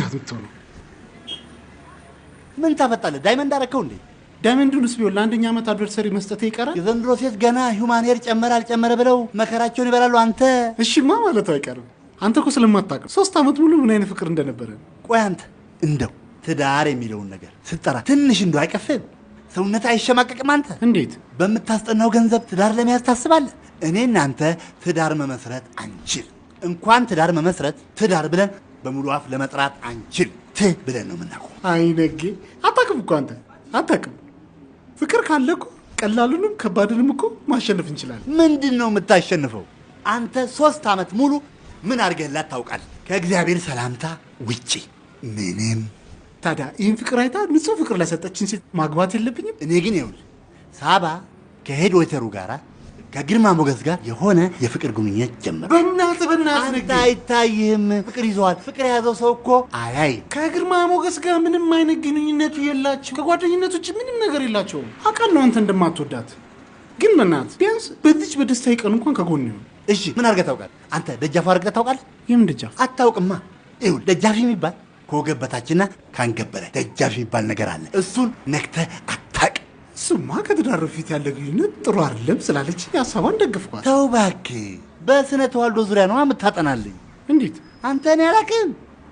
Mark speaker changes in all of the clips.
Speaker 1: ናት ነው።
Speaker 2: ምን ታመጣለህ? ዳይመንድ አረከው እንዴ?
Speaker 1: ዳይመንዱንስ ቢሆን ለአንደኛ ዓመት አድቨርሰሪ መስጠት ይቀራል።
Speaker 2: የዘንድሮ ሴት ገና ሂውማን ሄር ጨመረ አልጨመረ ብለው መከራቸውን ይበላሉ። አንተ
Speaker 1: እሺማ ማለት አይቀርም። አንተ እኮ ስለማታውቅ ሶስት ዓመት ሙሉ ምን አይነት ፍቅር እንደነበረ።
Speaker 2: ቆይ አንተ እንደው ትዳር የሚለውን ነገር ስጠራ ትንሽ እንደው አይቀፍም? ሰውነት አይሸማቀቅም? አንተ እንዴት በምታስጠናው ገንዘብ ትዳር ለመያዝ ታስባለህ? እኔ እናንተ ትዳር መመስረት አንችል። እንኳን ትዳር መመስረት ትዳር ብለን በሙሉ አፍ ለመጥራት አንችል ትህ ብለን ነው የምናውቀው።
Speaker 1: አይነጌ አታውቅም እኮ አንተ አታውቅም። ፍቅር ካለ እኮ ቀላሉንም ከባድንም እኮ ማሸነፍ እንችላለን።
Speaker 2: ምንድን ነው የምታሸንፈው አንተ? ሶስት ዓመት ሙሉ ምን አድርገህላት ታውቃል? ከእግዚአብሔር ሰላምታ ውጪ
Speaker 1: ምንም። ታዲያ ይህን ፍቅር አይታ ንጹሕ ፍቅር ላሰጠችን ሴት ማግባት የለብኝም?
Speaker 2: እኔ ግን ይኸውልህ ሳባ ከሄድ ወይተሩ ጋራ ከግርማ ሞገስ ጋር የሆነ የፍቅር ግንኙነት ጀመረ። በእናትህ በእናትህ ንግድ አይታይህም? ፍቅር ይዘዋል። ፍቅር የያዘው ሰው እኮ አያይ።
Speaker 1: ከግርማ ሞገስ ጋር ምንም አይነት ግንኙነቱ የላቸው። ከጓደኝነት ውጭ ምንም ነገር የላቸውም። አውቃለሁ አንተ እንደማትወዳት፣ ግን በእናትህ ቢያንስ በዚች በደስታ ይቀኑ እንኳን ከጎን ይሁን።
Speaker 2: እሺ ምን አድርገህ ታውቃለህ? አንተ ደጃፍ አድርገህ ታውቃለህ? ይህም ደጃፍ አታውቅማ። ይሁን ደጃፍ የሚባል ከወገብ በታችና ከአንገት በላይ ደጃፍ የሚባል ነገር አለ። እሱን ነክተህ
Speaker 1: ስማ ከትዳር በፊት ያለ ግንኙነት ጥሩ አይደለም ስላለች ሀሳቧን ደግፍኳል
Speaker 2: ተው እባክህ፣ በስነ ተዋልዶ ዙሪያ ነው የምታጠናልኝ። እንዴት አንተ እኔ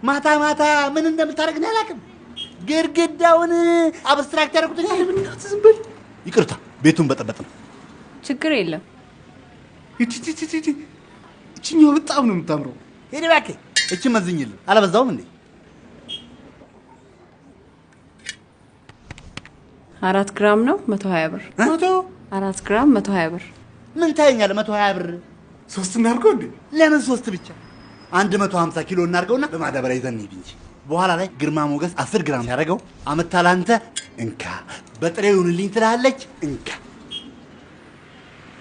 Speaker 2: ማታ ማታ ምን እንደምታደርግ እኔ ያላክም። ግድግዳውን አብስትራክት
Speaker 1: ያደረኩት ዝም በል
Speaker 2: ይቅርታ፣ ቤቱን በጠበጥ ነው።
Speaker 3: ችግር የለም።
Speaker 1: እችኛው በጣም ነው የምታምረው።
Speaker 2: ሄድ እባክህ፣ እችን መዝኝልን። አለበዛውም እንዴ
Speaker 3: አራት ግራም ነው መቶ ሀያ ብር መቶ አራት ግራም መቶ ሀያ ብር
Speaker 2: ምን ታየኛለህ? መቶ ሀያ ብር
Speaker 1: ሶስት እናድርገው እንዴ?
Speaker 2: ለምን ሶስት ብቻ? አንድ መቶ ሀምሳ ኪሎ እናድርገውና በማዳበሪያ ይዘን እንሂድ እንጂ በኋላ ላይ ግርማ ሞገስ አስር ግራም ሲያደርገው አመታ ላንተ እንካ በጥሬው ይሁንልኝ ትላለች። እንካ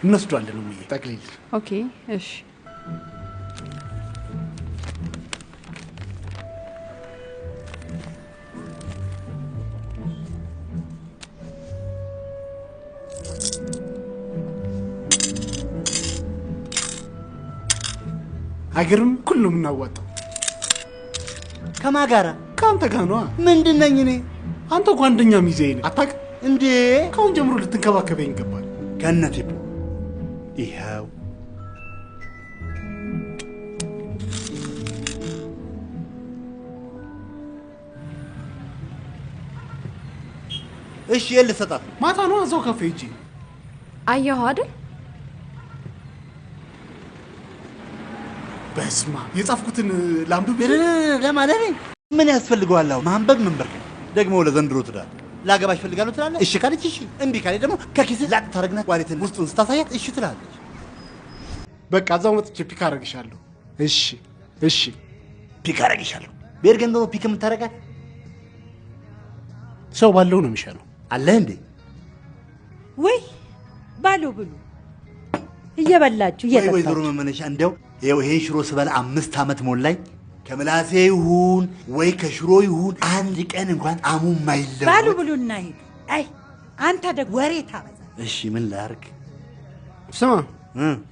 Speaker 2: እንወስዷለን። ሙዬ
Speaker 1: ጠቅልል።
Speaker 3: ኦኬ እሺ
Speaker 2: አገርም ሁሉም የምናዋጣው ከማ ጋራ? ከአንተ ጋር ነዋ። ምንድን ነኝ እኔ?
Speaker 1: አንተ ጓደኛ ሚዜ ነ
Speaker 2: አታቅ እንዴ?
Speaker 1: ከአሁን ጀምሮ ልትንከባከበኝ ይገባል።
Speaker 2: ገነት ይኸው እሺ፣ የልሰጣት
Speaker 1: ማታ ነው እዛው ካፌ እጂ አየኸው አይደል ስማ የጻፍኩትን ላምዱ ለማለኔ
Speaker 2: ምን ያስፈልገዋል? ማንበብ ምን ብር ደግሞ ለዘንድሮ ትዳር ላገባሽ እፈልጋለሁ ትላለህ። እሺ ካለች እሺ፣ እምቢ ካለ ደግሞ ከኪስ ላጥ ታደርግና ዋሌትን ውስጡን ስታሳያት እሺ ትላለች።
Speaker 1: በቃ እዛው መጥቼ ፒክ አደርግሻለሁ። እሺ እሺ፣ ፒክ አደርግሻለሁ።
Speaker 2: ብሄር ደግሞ ፒክ የምታደርጋት
Speaker 1: ሰው ባለው ነው የሚሻለው።
Speaker 2: አለህ እንዴ
Speaker 3: ወይ ባለው ብሉ እየበላችሁ እየጠጣችሁ ወይዘሮ
Speaker 2: መመነሻ እንዲያው ይኸው ይሄን ሽሮ ስበላ አምስት ዓመት ሞላኝ። ከምላሴ ይሁን ወይ ከሽሮ ይሁን አንድ ቀን እንኳን አሙ አይለው።
Speaker 3: ባሉ ብሉና ሂዱ። አይ አንተ ደግ ወሬ ታበዛ።
Speaker 2: እሺ ምን ላርግ?
Speaker 1: ስማ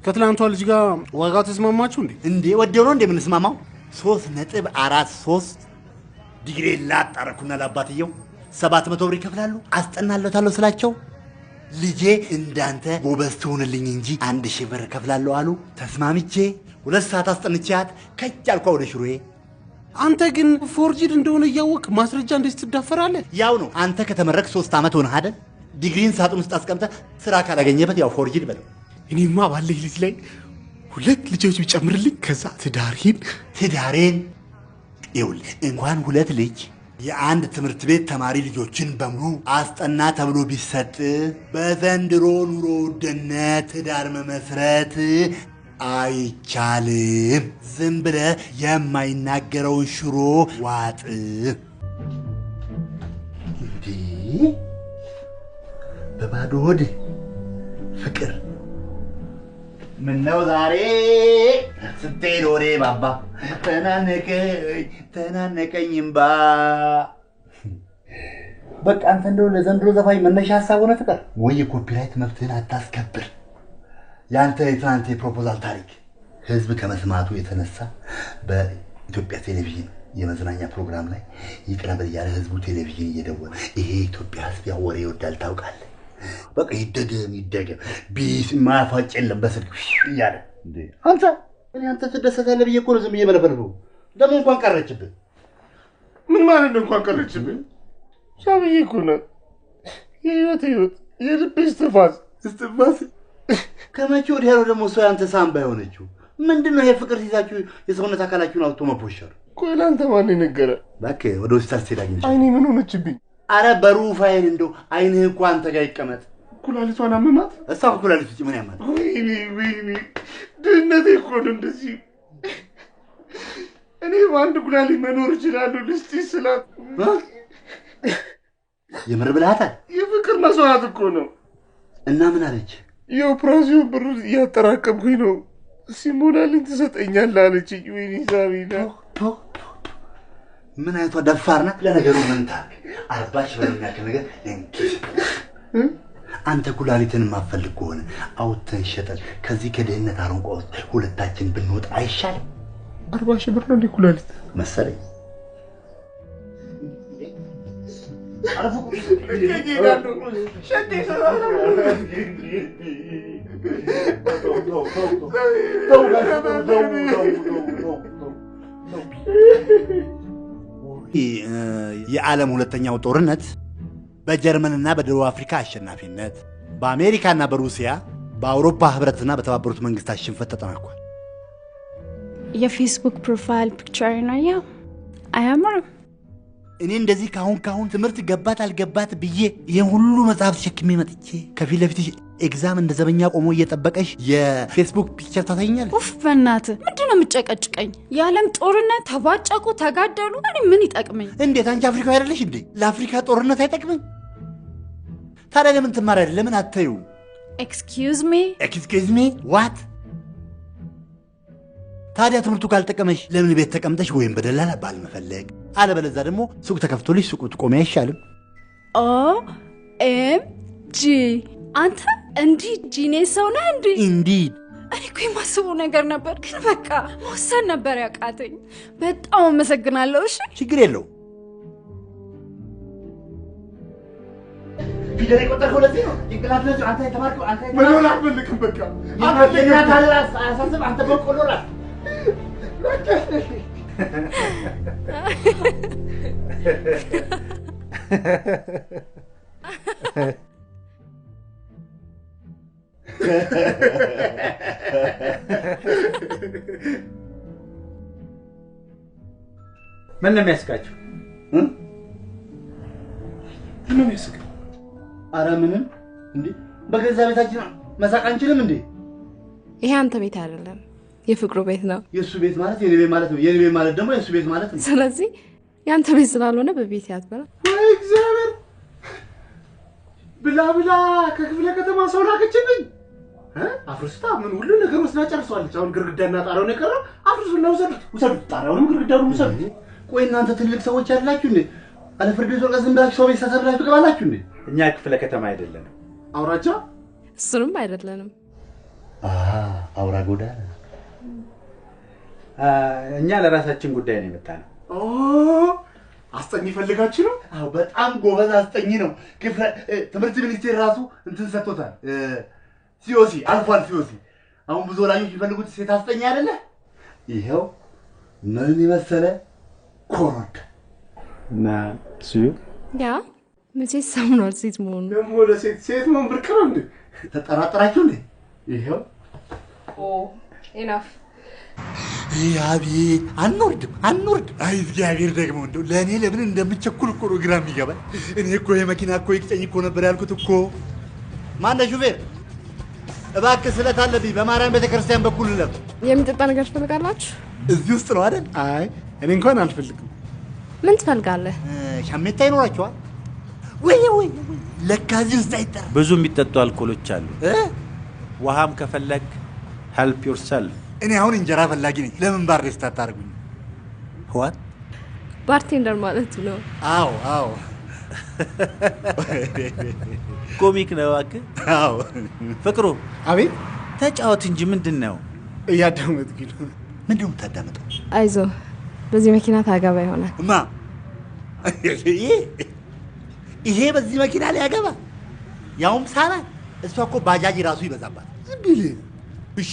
Speaker 1: ከትላንቷ ልጅ ጋር ዋጋ ተስማማችሁ እንዴ?
Speaker 2: እንዴ ወደው ነው እንዴ የምንስማማው? ሶስት ነጥብ አራት ሶስት ዲግሪ ላጣረኩና ለአባትየው ሰባት መቶ ብር ይከፍላሉ አስጠናለታለሁ ስላቸው ልጄ እንዳንተ ጎበዝ ትሆንልኝ እንጂ አንድ ሺህ ብር ከፍላለሁ አሉ። ተስማምቼ ሁለት ሰዓት አስጠንቻት ከች አልኳ ወደ ሽሮዬ።
Speaker 1: አንተ ግን ፎርጅድ እንደሆነ እያወቅ ማስረጃ እንዴት ትዳፈራለህ?
Speaker 2: ያው ነው። አንተ ከተመረቅ ሶስት ዓመት ሆነህ አይደል? ዲግሪን ሳጥን ውስጥ አስቀምጠ ስራ ካላገኘበት ያው ፎርጅድ በለው።
Speaker 1: እኔማ ባለኝ ልጅ ላይ ሁለት ልጆች ቢጨምርልኝ ከዛ ትዳሬን
Speaker 2: ትዳሬን ይውል እንኳን ሁለት ልጅ የአንድ ትምህርት ቤት ተማሪ ልጆችን በሙሉ አስጠና ተብሎ ቢሰጥ በዘንድሮ ኑሮ ውድነት ትዳር መመስረት አይቻልም። ዝም ብለ የማይናገረውን ሽሮ ዋጥ።
Speaker 1: በባዶ ሆድ ፍቅር
Speaker 2: ምነው ዛሬ ስትሄድ ወሬ ባባ ተናነቀኝ ተናነቀኝ እምባ። በቃ አንተ እንደው ለዘንድሮ ዘፋኝ መነሻ ሀሳብ ሆነ ፍቅር ወይ የኮፒራይት መብትህን አታስከብር። ያንተ የትናንት የፕሮፖዛል ታሪክ ህዝብ ከመስማቱ የተነሳ በኢትዮጵያ ቴሌቪዥን የመዝናኛ ፕሮግራም ላይ ይቅረብ እያለ ህዝቡ ቴሌቪዥን እየደወለ ይሄ ኢትዮጵያ ህዝብ ያው ወሬ ይወዳል ታውቃለህ። በቃ ይደገም ይደገም ቢስ ማያፏጭ የለም በስልክ እያለ አንተ እኔ አንተ ትደሰታለህ ብዬ እኮ ነው ዝም እየመለፈል ነው። ደግሞ እንኳን ቀረችብህ።
Speaker 1: ምን ማለት ነው እንኳን ቀረችብህ? ሻብዬ እኮ ናት የህይወት ህይወት የልብ እስትንፋስ እስትንፋስ
Speaker 2: ከመቼ ወዲያ ነው ደግሞ ሰው ያንተ ሳምባ የሆነችው? ምንድን ነው ይሄ ፍቅር ሲይዛችሁ የሰውነት አካላችሁን አውጥቶ መፖሸር?
Speaker 1: ቆይ ለአንተ ማን ነገረ?
Speaker 2: እባክህ ወደ ሆስፒታል ስትሄድ አግኝቼ
Speaker 1: አይኔ ምን ሆነችብኝ?
Speaker 2: አረ በሩፋኤል እንደው አይንህ እኮ አንተ ጋር ይቀመጥ።
Speaker 1: ኩላሊቷን አመማት።
Speaker 2: እሷ ኩላሊት ውጭ ምን ያማል?
Speaker 1: ወይኔ ወይኔ፣ ድህነቴ እኮ ነው እንደዚህ። እኔ በአንድ ኩላሊት መኖር እችላለሁ ልስቲ ስላት
Speaker 2: የምር ብልሃታል።
Speaker 1: የፍቅር መስዋዕት እኮ ነው።
Speaker 2: እና ምን አለች?
Speaker 1: የኦፕራሲዮን ብር እያጠራቀምኩኝ ነው። ሲሞላልኝ ትሰጠኛለህ አለችኝ። ወይኔ ሳቢና
Speaker 2: ምን አይቷ ደፋር ናት። ለነገሩ መንታ አርባሽ በሚያክል ነገር አንተ ኩላሊትን የማፈልግ ከሆነ አውጥተን ሸጠን ከዚህ ከድህነት አረንቋ ውስጥ ሁለታችን ብንወጣ አይሻልም?
Speaker 1: አርባ ሺህ ብር ነው ኩላሊት መሰለኝ። የዓለም ሁለተኛው ጦርነት በጀርመንና በደቡብ አፍሪካ አሸናፊነት በአሜሪካና በሩሲያ በአውሮፓ ህብረትና በተባበሩት መንግስታት ሽንፈት ተጠናቋል። የፌስቡክ ፕሮፋይል ፒክቸር ነው ያው አያምርም። እኔ እንደዚህ ካሁን ካሁን ትምህርት ገባት አልገባት ብዬ ይህን ሁሉ መጽሐፍ ሸክሜ መጥቼ ከፊት ለፊትሽ ኤግዛም እንደ ዘበኛ ቆሞ እየጠበቀሽ የፌስቡክ ፒክቸር ታሳይኛል። ኡፍ በእናትህ ምንድን ነው የምጨቀጭቀኝ? የዓለም ጦርነት ተባጨቁ፣ ተጋደሉ። እኔ ምን ይጠቅመኝ? እንዴት አንቺ አፍሪካ አይደለሽ እንዴ? ለአፍሪካ ጦርነት አይጠቅምም? ታዲያ ለምን ትማሪያለሽ? ለምን አተዩ? ኤክስኪውዝ ሚ ኤክስኪውዝ ሚ ዋት ታዲያ ትምህርቱ ካልጠቀመሽ ለምን ቤት ተቀምጠሽ ወይም በደላላ ባል መፈለግ አለበለዛ ደግሞ ሱቅ ተከፍቶልሽ ሱቁ ትቆሚ አይሻልም? ኦ ኤም ጂ አንተ እንዲህ ጂኔ ሰው ነ እንዲ እንዲድ እኔ እኮ የማስበው ነገር ነበር፣ ግን በቃ መወሰን ነበር ያቃተኝ። በጣም አመሰግናለሁ። እሺ፣ ችግር የለው። አንተ በቃ ምን ነው የሚያስቃችሁ? ምን ነው የሚያስቀው? አረ ምንም እንዴ! በገዛ ቤታችን መሳቅ አንችልም እንዴ? ይሄ አንተ ቤት አይደለም። የፍቅሩ ቤት ነው። የእሱ ቤት ማለት የኔ ቤት ማለት ነው። የኔ ቤት ማለት ደግሞ የእሱ ቤት ማለት ነው። ስለዚህ ያንተ ቤት ስላልሆነ በቤት ያትበላ ወይ እግዚአብሔር ብላ ብላ ከክፍለ ከተማ ሰው ላከችብኝ። አፍርስታ ምን ሁሉ ነገር ወስዳ ጨርሰዋለች። አሁን ግርግዳና ጣሪያውን የቀረው አፍርሱ ና ውሰዱት፣ ውሰዱት፣ ጣሪያውንም ግርግዳውንም ውሰዱት። ቆይ እናንተ ትልቅ ሰዎች ያላችሁ እ አለ ፍርድ ቤት ወርቀ ዝም ብላችሁ ሰው ቤት ሰሰብላችሁ ትገባላችሁ እ እኛ ክፍለ ከተማ አይደለንም፣ አውራጃ እሱንም አይደለንም፣ አውራ ጎዳና እኛ ለራሳችን ጉዳይ ነው የመጣ ነው። አስጠኝ ፈልጋችሁ ነው? አዎ፣ በጣም ጎበዝ አስጠኝ ነው። ትምህርት ሚኒስቴር ራሱ እንትን ሰጥቶታል። ሲኦሲ አልፏል። ሲኦሲ አሁን ብዙ ወላጆች የሚፈልጉት ሴት አስጠኝ አይደለ? ይኸው ምን የመሰለ ኮረድ ና ስዩ ያ መቼ ሰምኗል። ሴት መሆኑ ደግሞ ለሴት ሴት መሆን ብርቅ ነው እንዴ? ተጠራጠራችሁ እንዴ? ይኸው ኦ ኢናፍ አቤት አንወርድም አንወርድም። አይ እግዚአብሔር ደግሞ እንደው ለእኔ ለምን እንደምቸኩል እኮ ነው ግራ የሚገባል። እኔ እኮ የመኪና እኮ ይቅጨኝ እኮ ነበር ያልኩት እኮ። ማነህ ሹፌር? እባክህ ስለት አለብኝ። በማርያም ቤተክርስቲያን በኩል ለብ የሚጠጣ ነገር ትፈልጋላችሁ? እዚህ ውስጥ ነው አይደል? አይ እኔ እንኳን አልፈልግም። ምን ትፈልጋለህ? ሻሜታ ይኖራቸዋል ወይ? ወይ ለካ እዚህ ውስጥ አይጠራ። ብዙ የሚጠጡ አልኮሎች አሉ። ውሃም ከፈለግ ሄልፕ ዮርሰልፍ እኔ አሁን እንጀራ ፈላጊ ነኝ። ለምን ባር ደስታ አታደርጉኝ? ዋት ባርቴንደር ማለት ነው? አዎ አዎ፣ ኮሚክ ነው እባክህ። አዎ ፍቅሩ። አቤት። ተጫወት እንጂ ምንድን ነው? እያዳመጥኩ ነው። ምንድን ነው የምታዳምጠው? አይዞ በዚህ መኪና ታገባ ይሆናል። እማ ይሄ በዚህ መኪና ላይ ያገባ? ያውም ሳላ እሷ እኮ ባጃጅ ራሱ ይበዛባት። እሺ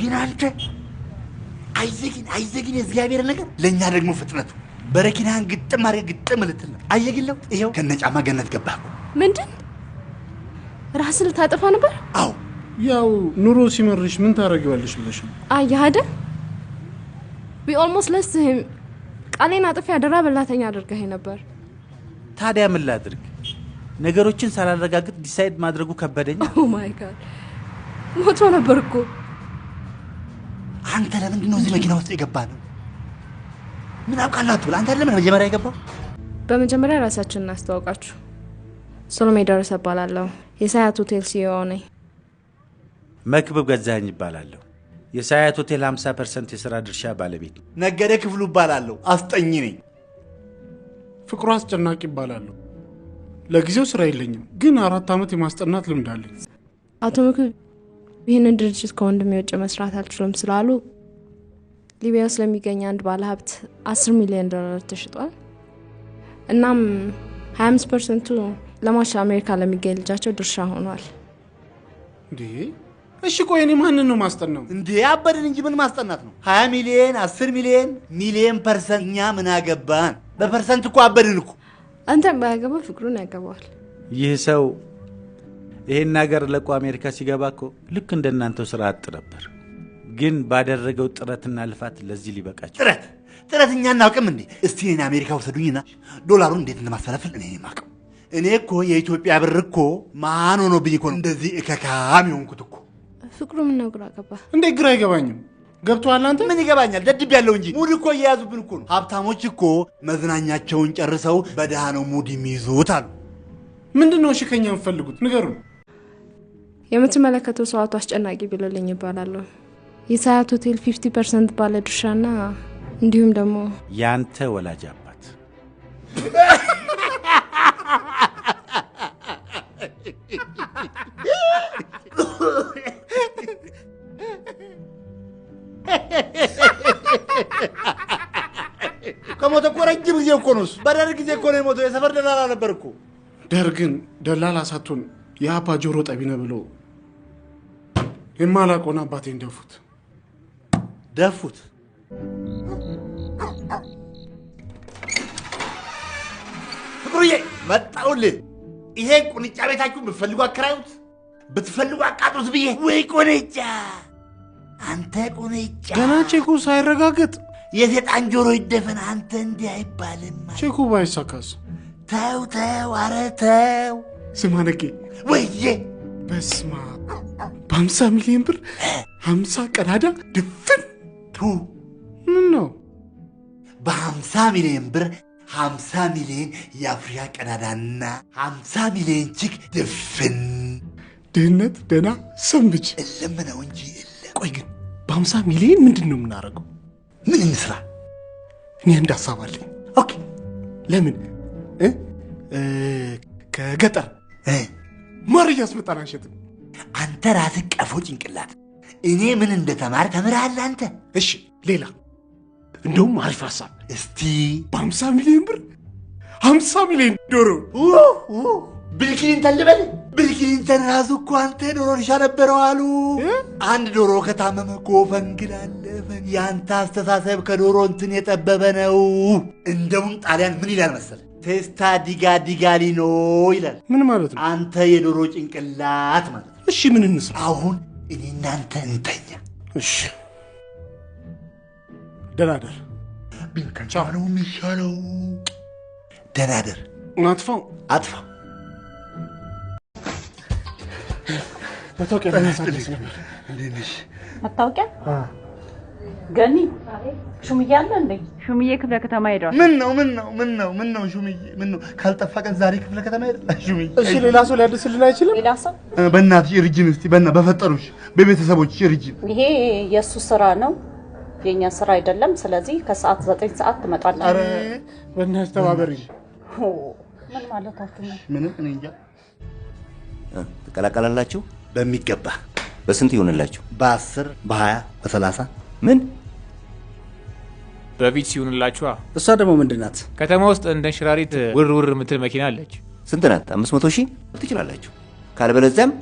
Speaker 1: ግን አንተ አይዘግን አይዘግን የእግዚአብሔር ነገር ለእኛ ደግሞ ፍጥነቱ በረኪናህን ግጥም አድርገህ ግጥም ልትል ነው። አየህ ለውጥ ይኸው ከነጫማ ገነት ገባህ። ምንድን ራስን ልታጠፋ ነበር? አዎ ያው ኑሮ ሲመርሽ ምን ታደርጊዋለሽ ብለሽ ነው። አየህ አይደል ዊ ኦልሞስት ለስትህም ቃሌን አጥፍ ያደራ በላተኛ አድርገህ ነበር። ታዲያ ምን ላድርግ? ነገሮችን ሳላረጋግጥ ዲሳይድ ማድረጉ ከበደኝ። ኦ ማይ ጋድ ሞቶ ነበር እኮ አንተ ለምንድን ነው እዚህ መኪና ውስጥ የገባ ነው? ምን አውቃላችሁ? አንተ ለምን መጀመሪያ የገባው? በመጀመሪያ ራሳችን እናስተዋውቃችሁ። ሶሎሜ ደረሰ እባላለሁ። የሳያት ሆቴል ሲኢኦ ነኝ። መክብብ ገዛኝ ይባላለሁ። የሳያት ሆቴል 50 ፐርሰንት የሥራ ድርሻ ባለቤት። ነገደ ክፍሉ እባላለሁ። አስጠኝ ነኝ። ፍቅሩ አስጨናቂ ይባላለሁ። ለጊዜው ስራ የለኝም፣ ግን አራት ዓመት የማስጠናት ልምድ አለኝ። አቶ መክብብ ይህንን ድርጅት ከወንድም የውጭ መስራት አልችሉም ስላሉ ሊቢያ ውስጥ ለሚገኝ አንድ ባለሀብት አስር ሚሊዮን ዶላር ተሽጧል። እናም 25 ፐርሰንቱ ለማሻ አሜሪካ ለሚገኝ ልጃቸው ድርሻ ሆኗል። እንዴ እሺ፣ ቆይ እኔ ማንን ነው ማስጠናው? እንዴ አበድን እንጂ ምን ማስጠናት ነው? 20 ሚሊዮን፣ 10 ሚሊዮን፣ ሚሊዮን ፐርሰንት፣ እኛ ምን አገባን? በፐርሰንት እኮ አበድን እኮ። አንተም ባያገባ ፍቅሩን ያገባዋል። ይህ ሰው ይሄን ነገር ለቆ አሜሪካ ሲገባ እኮ ልክ እንደናንተው ስራ አጥ ነበር። ግን ባደረገው ጥረትና ልፋት ለዚህ ሊበቃቸው ጥረት ጥረት እኛ እናውቅም እንዴ? እስቲ እኔ አሜሪካ ውሰዱኝና ዶላሩን እንዴት እንደማስተላፍል እኔ ማቀው። እኔ እኮ የኢትዮጵያ ብር እኮ ማን ሆኖ ብኝ እኮ እንደዚህ እከካም የሆንኩት እኮ። ፍቅሩ ምን ነው ግራ ገባ እንዴ? ግራ አይገባኝም። ገብቶሃል አንተ? ምን ይገባኛል? ደድብ ያለው እንጂ ሙድ እኮ እየያዙብን እኮ ነው። ሀብታሞች እኮ መዝናኛቸውን ጨርሰው በድሃ ነው ሙድ የሚይዙት አሉ። ምንድን ነው እሺ ከኛ የምፈልጉት ንገሩን። የምትመለከተው ሰዓቱ አስጨናቂ ቢልልኝ ይባላለሁ። የሰዓት ሆቴል 50 ፐርሰንት ባለ ድርሻና እንዲሁም ደግሞ ያንተ ወላጅ አባት ከሞተ እኮ ረጅም ጊዜ እኮ ነው እሱ። በደርግ ጊዜ እኮ ነው የሞተው። የሰፈር ደላላ ነበር እኮ። ደርግን ደላላ ሳቱን የአባ ጆሮ ጠቢነ ብሎ የማላቆን አባቴን ደፉት ደፉት። ፍቅሩዬ መጣውል። ይሄ ቁንጫ ቤታችሁ ብትፈልጉ አከራዩት፣ ብትፈልጉ አቃጥሩት ብዬ ወይ ቁንጫ አንተ ቁንጫ ገና ቼኩ ሳይረጋገጥ የሴጣን ጆሮ ይደፈን አንተ እንዲህ አይባልም። ቼኩ ባይሳካስ? ተው ተው፣ አረ ተው ስማነቄ ወይዬ በስማ በሀምሳ ሚሊዮን ብር ሀምሳ ቀዳዳ ድፍን ቱ ምን ነው? በሀምሳ ሚሊዮን ብር ሀምሳ ሚሊዮን የአፍሪካ ቀዳዳና ሀምሳ ሚሊዮን ችግ ድፍን ድህነት ደና ሰንብች እለምነው እንጂ ቆይ ግን በሀምሳ ሚሊዮን ምንድን ነው የምናደርገው? ምን እንስራ? እኔ እንዳሳባለኝ ኦኬ ለምን ከገጠር ማር እያስመጣን አንሸጥም። አንተ ራስህ ቀፎ ጭንቅላት፣ እኔ ምን እንደተማር ተምርሃል አንተ። እሺ ሌላ እንደውም አሪፍ ሀሳብ። እስቲ በሀምሳ ሚሊዮን ብር ሀምሳ ሚሊዮን ዶሮ ብልክሊንተን ልበል። ብልክሊንተን ራሱ እኮ አንተ ዶሮ እርሻ ነበረው አሉ። አንድ ዶሮ ከታመመ እኮ ፈንግል አለፈን። አስተሳሰብ ከዶሮ እንትን የጠበበ ነው። እንደውም ጣሊያን ምን ይላል መሰለህ ቴስታ ዲጋ ዲጋሊ ነው ይላል። ምን ማለት ነው? አንተ የዶሮ ጭንቅላት ማለት ነው። እሺ ምን እንስ አሁን እኔ እናንተ እንተኛ። እሺ ደናደር ቢንከንቻ ነው የሚሻለው። ደናደር አጥፋው፣ አጥፋው መታወቂያ ገኒ ሹምዬ አለ እንዴ? ሹምዬ ክፍለ ከተማ ሄደዋል። ምን ነው ምን ነው ምን ነው ምን ነው ሹምዬ ምን ነው ካልጠፋ ቀን ዛሬ ክፍለ ከተማ ሄደላ ሹምዬ። እሺ ሌላ ሰው ሊያድስልን አይችልም? ሌላ ሰው በእናትሽ እርጅን፣ እስቲ በእና በፈጠሩሽ በቤተሰቦችሽ እርጅን። ይሄ የእሱ ስራ ነው የእኛ ስራ አይደለም። ስለዚህ ከሰዓት ዘጠኝ ሰዓት ትመጣለህ። ኧረ በእናትሽ ተባበሪ። ምን ማለታችሁ ነው? ምንም እኔ እንጃ። ትቀላቀላላችሁ? በሚገባ በስንት ይሆንላችሁ? በአስር በሀያ በሰላሳ ምን በፊት ሲሆንላችኋ። እሷ ደግሞ ምንድናት? ከተማ ውስጥ እንደ ሽራሪት ውር ውር የምትል መኪና አለች። ስንት ናት? አምስት መቶ ሺህ ትችላላችሁ። ካልበለዚያም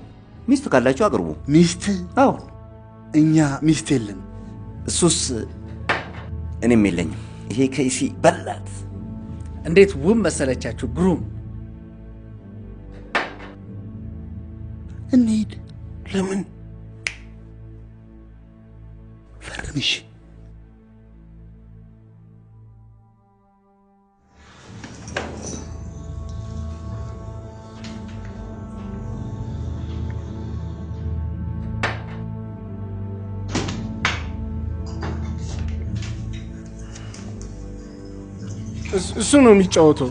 Speaker 1: ሚስት ካላችሁ አቅርቡ። ሚስት? አዎ፣ እኛ ሚስት የለን። እሱስ እኔም የለኝም። ይሄ ከይሲ በላት። እንዴት ውብ መሰለቻችሁ! ግሩም። እንሂድ። ለምን ፈርምሽ እሱ ነው የሚጫወተው።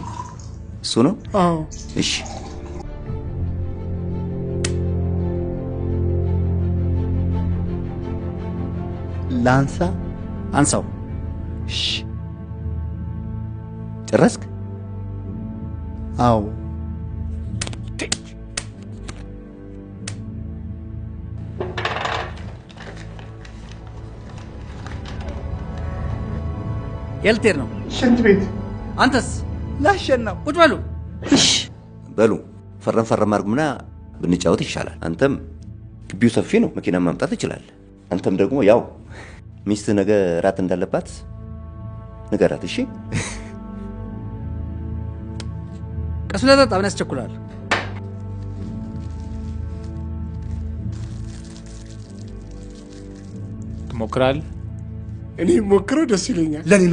Speaker 1: እሱ ነው? አዎ። እሺ ላንሳ። አንሳው። እሺ ጨረስክ? አዎ። የልቴር ነው ሽንት ቤት አንተስ ላሸና ቁጭ በሉ። እሺ በሉ ፈረም ፈረም አድርጉምና ብንጫወት ይሻላል። አንተም ግቢው ሰፊ ነው፣ መኪና ማምጣት ይችላል። አንተም ደግሞ ያው ሚስት ነገ ራት እንዳለባት ንገራት። እሺ ቀስ ብለህ ጠጣ፣ ምን ያስቸኩላል? ትሞክራል? እኔ ሞክረው ደስ ይለኛል ለኔ